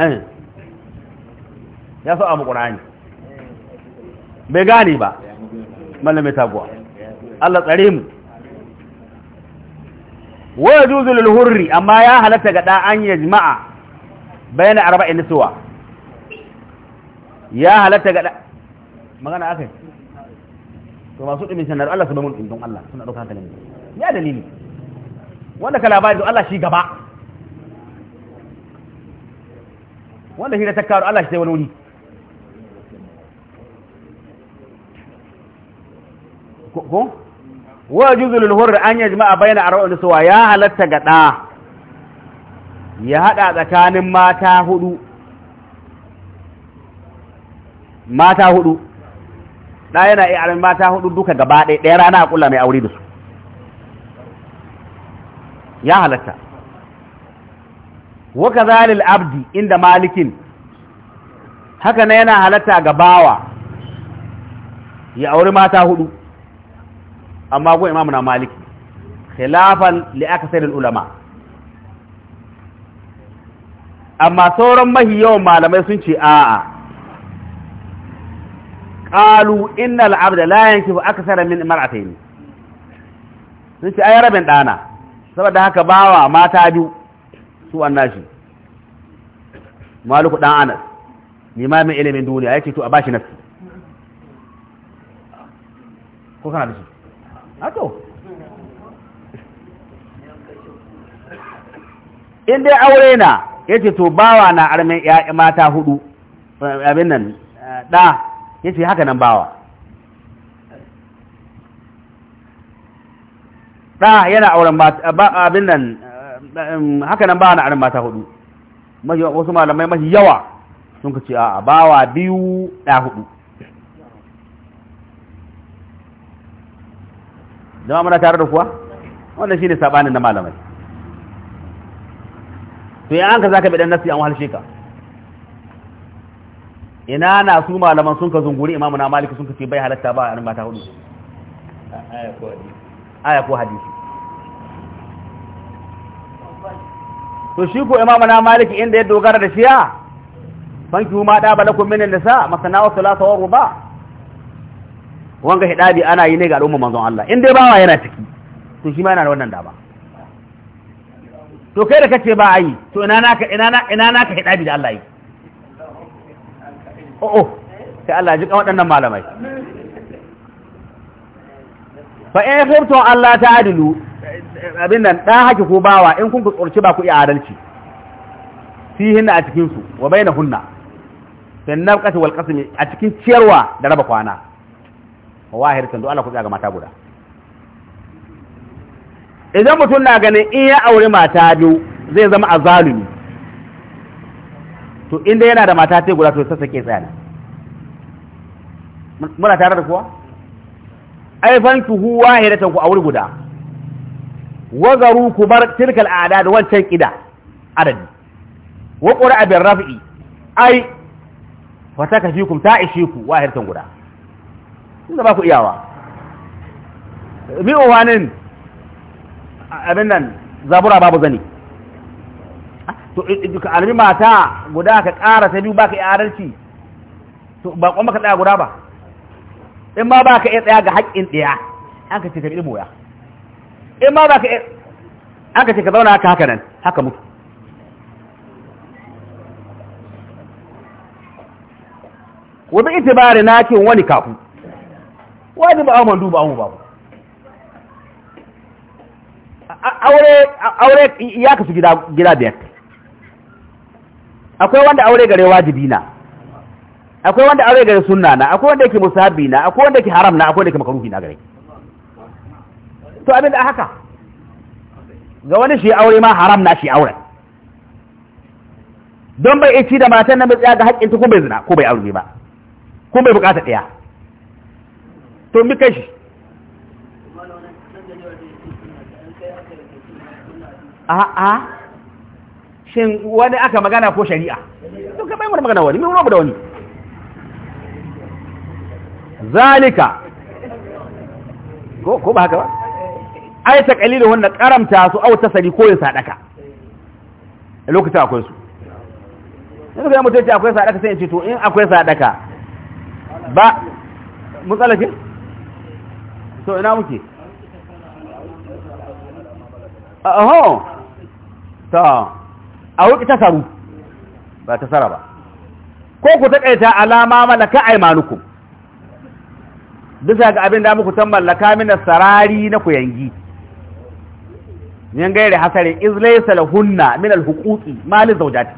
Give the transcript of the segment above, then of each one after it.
Eh. ya so a mu ƙura'ani bai gane ba malamai taguwa Allah tsare mu wa yajuzu lil hurri amma ya halatta ga da an yajma'a bayna arba'in suwa ya halatta ga magana akai to masu dumin sanar Allah su ba mun don Allah suna dauka hankalin ya dalili wanda ka labari Allah shi gaba wanda shi da ta Allah shi sai wani wuni, ko wa juzul hurr an yajma'a baina arba'in suwa ya halatta ga da ya hada tsakanin mata hudu mata hudu da yana iya mata hudu duka gaba ɗaya rana a kula mai aure da su ya halatta waka zalil abdi inda malikin haka na yana halatta ga bawa ya auri mata hudu amma go imamu na maliki khilafan li aksarin ulama amma sauran mahi yawan malamai sun ce a'a qalu innal abda la yankifu aksara min mar'atayn sun ce ay rabin dana saboda haka bawa mata biyu su nashi. maluku dan anas limamin ilimin duniya yake to a bashi nafsi ko kana da shi a to in dai aure na yace to bawa na armen mata hudu abin nan da yace haka nan bawa da yana auren abin nan um, haka nan ba na auren mata hudu wasu malamai mafi yawa sun ka ce a bawa biyu da hudu zama muna tare da kuwa wannan shine sabanin na malamai to ya an ka zaka bi dan nasi an wahal ka ina na su malaman sun ka zunguri imamu na maliki sun ka ce bai halatta ba a mata hudu aya ko hadisi to shi ko imamu na maliki inda ya dogara da shiya fanki ma da balakum min nisa masana wa thalatha wa ruba wanga hidabi ana yi ne ga al'umma manzon Allah in dai bawa yana ciki to shi ma yana da wannan dama to kai da kace ba ai to ina naka ina na ina naka hidabi da Allah yi oh oh sai Allah ji kan waɗannan malamai fa in khiftu Allah ta adilu abin nan dan haki ko bawa in kun ku tsorci ba ku iya adalci fihin a cikin su wa bainahunna na nafqati wal qasmi a cikin ciyarwa da raba kwana wahir kan do Allah ku ga mata guda idan mutum na ganin in ya aure mata biyu zai zama azalumi to inda yana da mata sai guda to sai sake tsaya muna tare da kuwa ai hu wahidatan ku wuri guda wazaru ku bar tilkal adad wancan kida adadi wa qura'a bil raf'i ai fataka fikum ta ku wahidatan guda inda ba ku iyawa mi uwanin abin nan zabura babu zani to ka alimi mata guda ka ƙara ta biyu baka adalci to ba kuma ka ɗaya guda ba in ma ba ka iya tsaya ga haƙƙin ɗaya an ka ce ka ɗi moya in ma ba ka iya an ka ce ka zauna haka haka nan haka mutu wa itibari na nakin wani kafu wani ba amon duba amon babu aure aure ya kasu gida biyar akwai wanda aure gare wajibi na akwai wanda aure gare sunna na akwai wanda yake musahabi na akwai wanda yake haram na akwai wanda yake makaruhi na gare to abin da haka ga wani shi aure ma haram na shi aure, don bai ici da matan na mutsiya ga haƙƙin ta bai zina ko bai aure ba ko bai bukata ɗaya to mi kai shi a'a shin wani aka magana ko shari'a to ka bai magana wani mai wani da wani zalika ko ko ba haka ba ai ta kalilu wanda karamta su au sari ko ya sadaka a lokacin akwai su in ga mutum ce akwai sadaka sai ya ce to in akwai sadaka ba mutsalace to ina muke aho ta a wuki saru ba sara ba ko ku kaita alama malaka aimanukum bisa ga abin da muku tan mallaka mina sarari na ku yangi yan gaire hasare iz laysa lahunna min al huquqi mal zawjat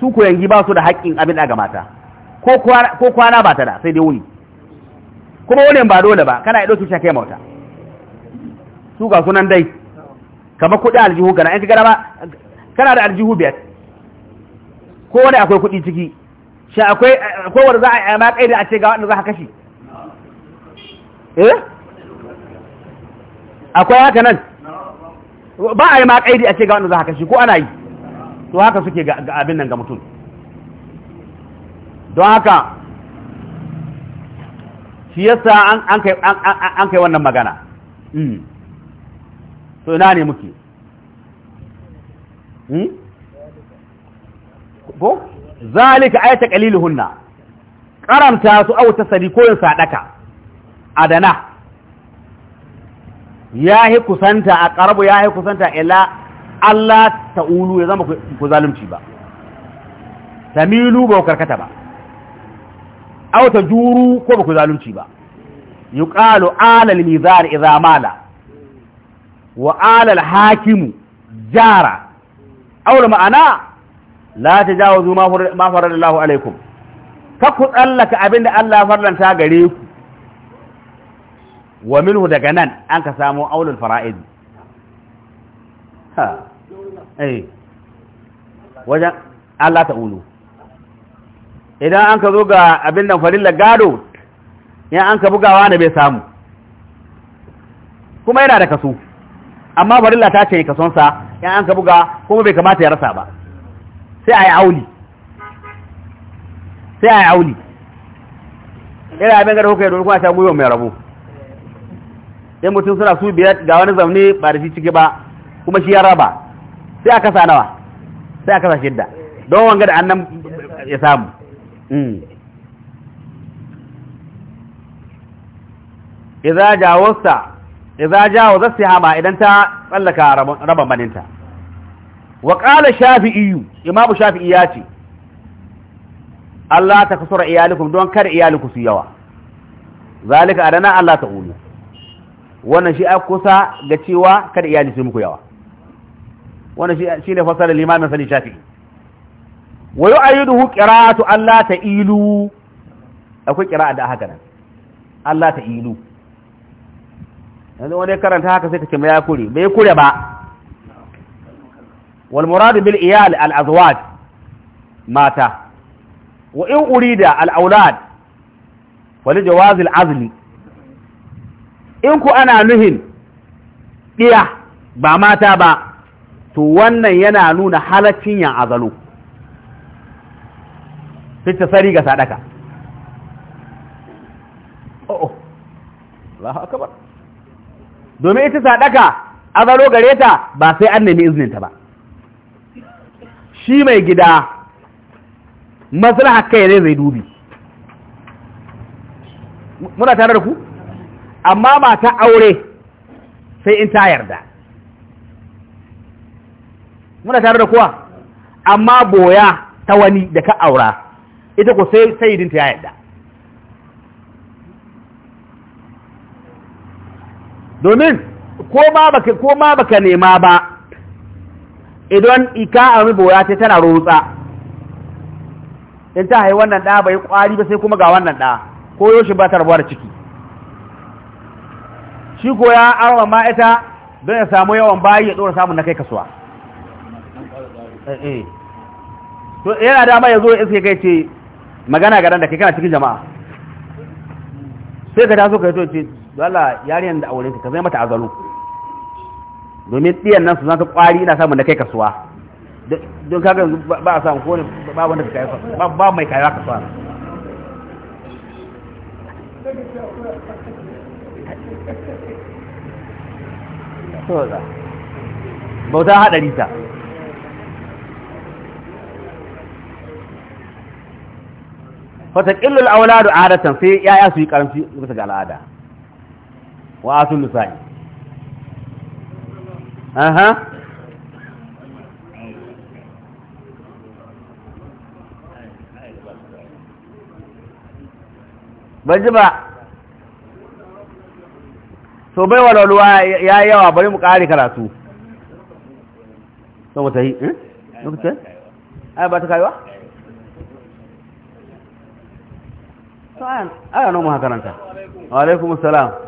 su ku yangi ba su da haƙƙin abin da ga mata ko kwana ba ta da sai dai wuni kuma wani ba dole ba kana ido su kai mauta su ga sunan dai kamar kuɗi aljihu kana in ka gara ba kana da aljihu biyar ko wani akwai kuɗi ciki shi akwai kowar wanda za a yi ma da a ce ga wanda za a kashi eh akwai haka nan ba a yi ma da a ce ga wanda za a kashi ko ana yi to haka suke ga abin nan ga mutum don haka shi yasa an kai wannan magana so hmm. ina ne muke hmm? ko zalika ayata qaliluhunna qaramta su aw tasari ko sadaka adana yahi kusanta a qarbu yahi kusanta ila Allah ta'ulu ya zama ku zalunci ba tamilu ba karkata ba aw tajuru ko ba ku zalunci ba yuqalu ala al-mizan idha mala wa ala al-hakimu jara aw ma'ana la tajawazu ma faradallahu alaikum ka ku tsallaka abinda Allah farlanta gare ku wa minhu daga nan an ka samu aulul fara'id ha eh wajen Allah ta'ulu idan an ka zo ga abin nan farilla gado ya an ka bugawa ne bai samu kuma yana da kaso amma farilla ta ce kasonsa ya an ka buga kuma bai kamata ya rasa ba sai a yi auli sai a yi auli ina abin gada kuka yi domin kuma ta gwiwa mai rabu sai mutum suna su biyar ga wani zaune ba da shi ciki ba kuma shi ya raba sai a kasa nawa sai a kasa shidda don wanga da annan ya samu hmm. idza jawasta idza jawaza sihama idan ta tsallaka raban baninta wa qala shafi'i imamu shafi'i ya ce Allah ta kusura iyalikun don kada iyaliku su yawa zalika a dana Allah ta ulu wannan shi a kusa ga cewa kada iyali su muku yawa wannan shi ne fasalar limamin sani shafi'i wa kira qira'atu Allah ta ilu akwai a da haka nan Allah ta ilu yanzu wani karanta haka sai ka ce mai ya kure bai kure ba Walmuradu muradu bil iyal al azwaj mata wa in urida al aulad wal in ku ana nuhin diya ba mata ba to wannan yana nuna halaccin yan azalo sai sari ga domin ita saɗaka azalo gare ta ba sai an nemi izinin ta ba shi mai gida maslaha kai ne zai dubi muna tare da ku amma ba ta aure sai in ta yarda muna tare da kuwa amma boya ta wani da ka aura ita ku sai sayidinta ya yarda domin ko ma baka nema ba idan ika a boya ce tana rotsa in ta haifi wannan ɗa bai ƙwari ba sai kuma ga wannan ɗa ko yoshi ba ta rabuwa da ciki shi ko ya arwa ma'aita don ya samu yawan bayi ya ɗora samun na kai kasuwa eh, eh. to yana dama ya zo ya iske kai ce magana ga da kai kana cikin jama'a sai ka taso ka yi to ce dole yariyan da aure ka zai mata azalu domin tsiyan nan su zanta kwari ina samun da kai kasuwa don kaga yanzu ba a samu kone ba wanda ka kayuwa ba mai kayuwa kasuwa bauta haɗari ta fata ƙillul da adatan sai ya'ya su yi ƙaramci bisa ga al'ada wa asul aha ji ba so bai wa walwalwa ya yi yawa bari mu ƙari karatu so mu tahi eh lokacin ai ba ta kayuwa? kaiwa to ayan nan mu hakaranta wa alaikumus salam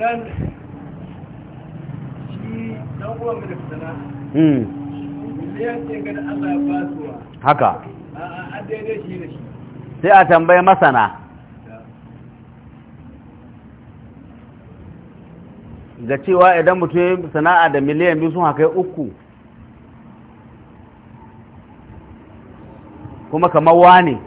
nan shi hmm. haka sai a tambaye masana ga cewa idan mutum sana'a da miliyan biyu sun haka uku kuma kamar wane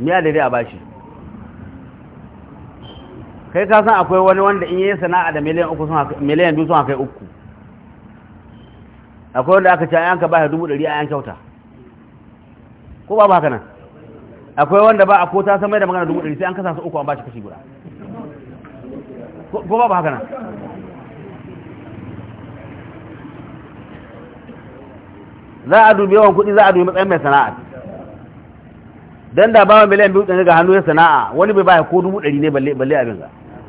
ne a daidai a bashi kai ka san akwai wani wanda in yi sana'a da miliyan uku sun miliyan biyu sun kai uku akwai wanda aka ce an ka ba dubu ɗari a yan kyauta ko ba ba haka nan akwai wanda ba a ko ta san mai da magana dubu ɗari sai an kasa su uku an ba shi kashi guda ko ba ba haka nan za a dubi yawan kuɗi za a dubi matsayin mai sana'a dan da bawa miliyan biyu ɗin ga hannu ya sana'a wani bai baya ko dubu ɗari ne balle balle abin ga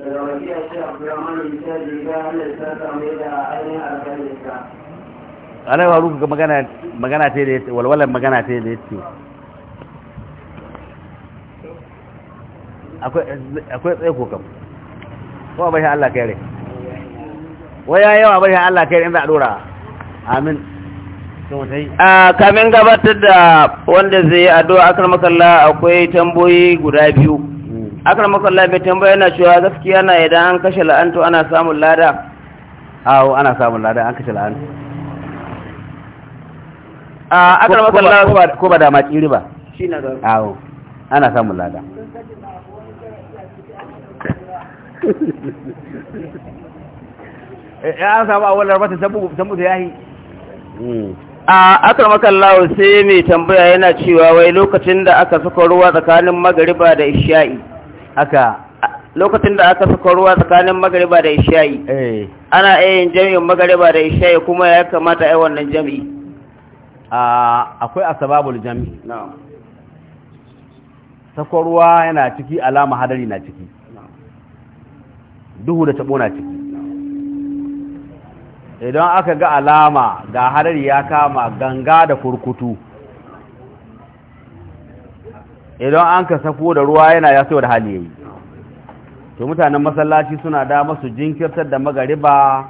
daga wakilin shi abdurrahman bisa riga wanda ta samu da ainihin alkalinsa alai wa ruka magana magana ta da walwalan magana ta da yace akwai akwai tsaye ko kam ko bai Allah kai rai waya yawa bai Allah kai in za a dora amin a kamin gabatar da wanda zai yi addu'a akar makalla akwai tamboyi guda biyu akar makalla bai tambaya yana cewa gaskiya na idan an kashe la'antu ana samun lada awo ana samun lada an kashe la'antu a akar makalla ko ba da ma tsiri ba shi na awo ana samun lada ya eh, an samu hmm. a wadda mata sabu da yahi a akar makallawo sai mai tambaya yana cewa wai lokacin da aka suka ruwa tsakanin magariba da isha'i haka lokacin da aka saka ruwa tsakanin magariba da isha'i eh. ana yin jami'in magariba da ishayi kuma ya kamata a yi wannan jami'i akwai asababul jami'i sako ruwa yana ciki alama hadari na ciki duhu da tabo na ciki idan aka ga alama ga hadari ya kama ganga da kurkutu idan an ka safo da ruwa yana ya sayo da hali yayi to mutanen masallaci suna da masu jinkirtar da magariba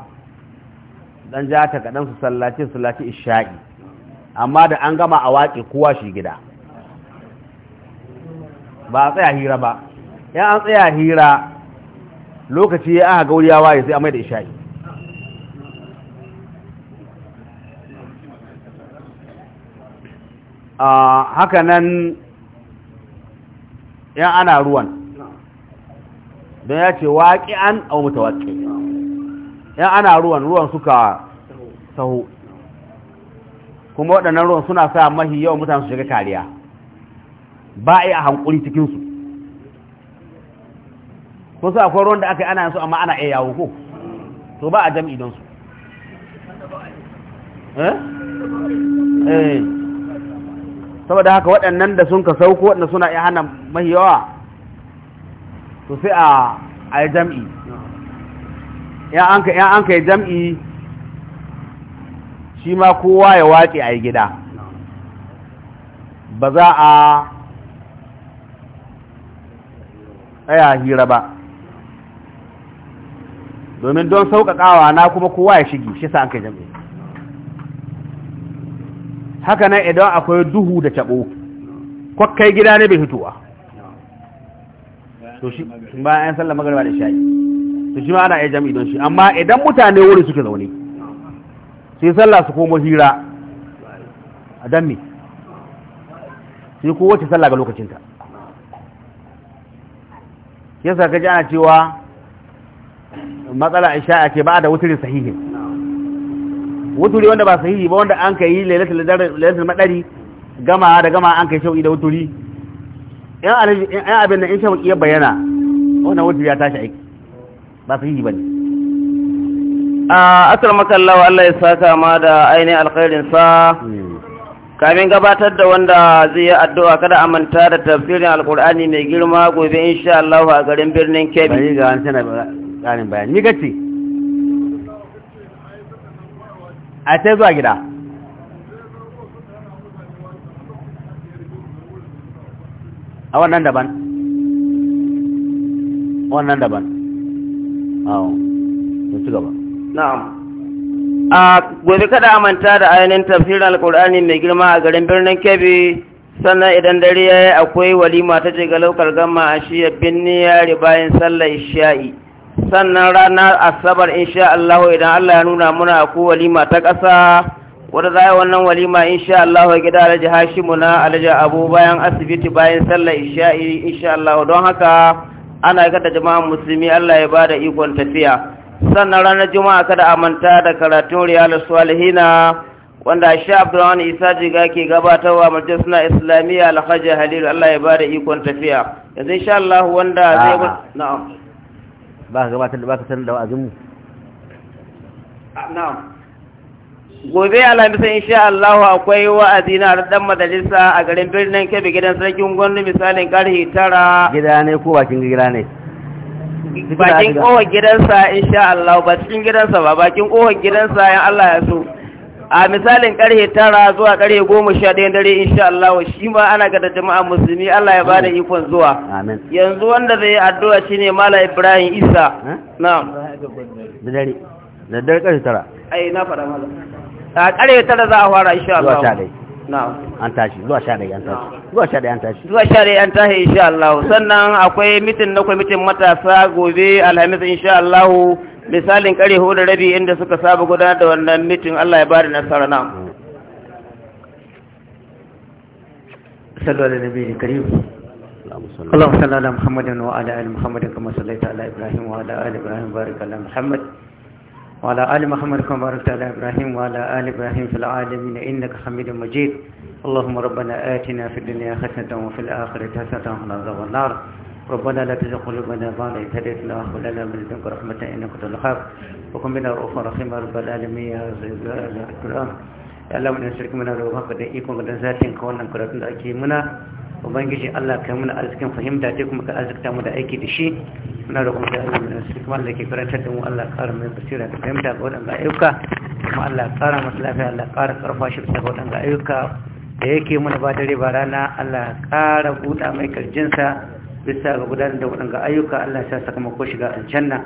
dan ja ta kadan su sallace su lati isha'i amma da an gama a waƙe kowa shi gida ba a tsaya hira ba ya an tsaya hira lokaci ya aka gauri ya waye sai a mai da isha'i ah, haka nan yan ana ruwan don ya ce waƙi an au mutawaƙi yan ana ruwan ruwan suka sahu kuma waɗannan ruwan suna sa mahi yawan mutane su shiga kariya ba a yi a hankuli cikinsu kun sa akwai ruwan da aka yi ana yansu amma ana iya yawo ko to ba a jam'i don su eh eh saboda haka waɗannan da sun ka sauko waɗanda suna iya hana yawa to sai a a yi jam'i ya an ka yi jam'i shi ma kowa ya wace a yi gida ba za a tsaya hira ba domin don sauƙaƙawa na kuma kowa ya shigi shi sa an ka jam'i haka nan idan akwai duhu da tabo kwakkai gida ne bai fitowa to shi bayan sallah magariba da shayi to shi ma ana iya jami'i don shi amma idan mutane wuri suke zaune sai sallah su komo hira a dan me su yi kowace sallah ga lokacinta yasa ka ji ana cewa matsala isha'a ce ba da wutirin sahihin wuturi wanda ba sahihi ba wanda an kai lailatul madari gama da gama an kai shaui da wuturi yan abin da in shauki ya bayyana wannan wuturi ya tashi aiki ba sahihi bane a asar makallawa Allah ya saka ma da ainihin alkhairin sa kamin gabatar da wanda zai yi addu'a kada manta da tafsirin alkur'ani mai girma gobe insha Allah a garin birnin Kebbi. ga an tana bayani. Ni gace, a ta zuwa gida a wannan daban wannan daban awo da gaba na'am a gobe kada a da ainihin tafsirin alkur'ani mai girma a garin birnin kebbi sannan idan dare ya yi akwai walima ta laukar gama a shiya birnin yari bayan sallar isha'i sannan ranar asabar insha Allah idan Allah ya nuna muna ku walima ta ƙasa wadda za a yi wannan walima insha Allah gida alhaji Hashimu na alhaji Abu bayan asibiti bayan sallar isha'i insha Allah don haka ana gada jama'an musulmi Allah ya bada ikon tafiya sannan ranar juma'a kada a manta da karatun riyal salihina wanda sha abdurrahman isa jiga ke gabatarwa suna islamiyya alhaji halilu allah ya bada ikon tafiya yanzu insha allah wanda zai na'am ba ka gabatar da ba ka sanar da wa'azinmu na'am gobe alhamisa insha Allah akwai wa'azi na dan majalisa a garin birnin Kebbi gidan sarkin gwamnati misalin karhi tara gida ne ko bakin gida ne bakin kowar gidansa insha Allah ba cikin gidansa ba bakin kowar gidansa yan Allah ya so a misalin karhe tara zuwa karhe goma sha ɗaya dare insha Allah wa shi ma ana gada jama'a musulmi Allah ya bada ikon zuwa yanzu wanda zai addu'a shi ne Mala Ibrahim Isa na da dare da dare karhe tara ai na fara mala a karhe tara za a fara insha Allah zuwa sha ɗaya na'am an tashi zuwa sha ɗaya an tashi zuwa sha ɗaya an tashi zuwa sha ɗaya an tashi insha Allah sannan akwai mitin na kwamitin matasa gobe Alhamis insha Allah misalin kare da rabi inda suka saba gudanar da wannan mitin Allah ya bada nasara na sallu ala nabiyyi karim اللهم صل على محمد وعلى ال محمد كما صليت على ابراهيم وعلى ال ابراهيم بارك على محمد وعلى ال محمد كما باركت على ابراهيم وعلى ال ابراهيم في العالمين انك حميد مجيد اللهم ربنا آتنا في الدنيا حسنة وفي الآخرة حسنة وقنا عذاب النار ربنا لا تزغ قلوبنا بعد إذ هديتنا وهب لنا من لدنك رحمة إنك أنت الوهاب وكن بنا رؤوفا رحيما رب العالمين يا عزيز يا الكرام ya Allah mun shirki muna da baka da ikon da zatin ka wannan karatun da ake muna ubangiji Allah ka muna arzikin fahimta dai kuma ka arzikta mu da aiki da shi muna da kuma da Allah mun shirki muna da ke karantar da mu Allah ƙara mai basira da fahimta ga waɗanda ayyuka kuma Allah ƙara masa lafiya Allah ƙara ƙarfa shi ga waɗanda ayyuka da yake muna ba dare ba rana Allah ƙara buɗa mai bisa ga gudanar da waɗanda ayyuka Allah ya sakamako shiga aljanna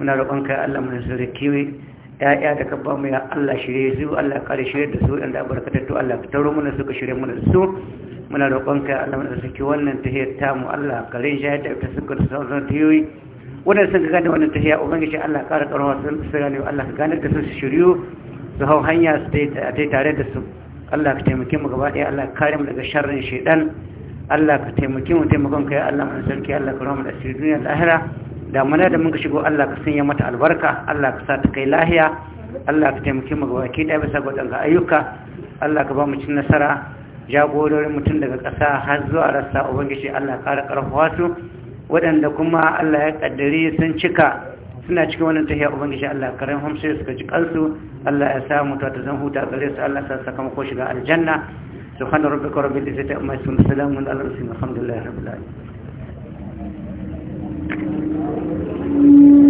muna roƙon kai Allah mu zure kiwi ya'ya da ka ba mu ya Allah shirye su Allah kare shirye da su inda barkatattu Allah ka taro mana su ka shirye mana su muna roƙon kai Allah mu zure wannan tahiyar ta mu Allah kare jahil da ta suka da zan tiyoyi wannan sun gane wannan tahiya ubangiji Allah kare karwa sun gane Allah ka gane da su shiryu su hau hanya su tare da su Allah ka taimake mu gaba ɗaya Allah kare mu daga sharrin shaidan Allah ka taimake mu taimakon kai Allah mun sarki Allah ka rahmu da sirri duniya ahira da mun da mun ka shigo Allah ka sanya mata albarka Allah ka sa ta kai lahiya Allah ka taimake mu ga waki da bisa ga danka ayyuka Allah ka ba mu cin nasara jagororin mutum daga ƙasa har zuwa rassa ubangiji Allah ƙara ƙarfafa su waɗanda kuma Allah ya kaddare sun cika suna cikin wannan tahiya ubangiji Allah karin su suka ji kansu Allah ya samu ta zan huta gare su Allah ya sa sakamako shiga aljanna سبحان ربك رب العزة عما يصفون السلام على المرسلين والحمد لله رب العالمين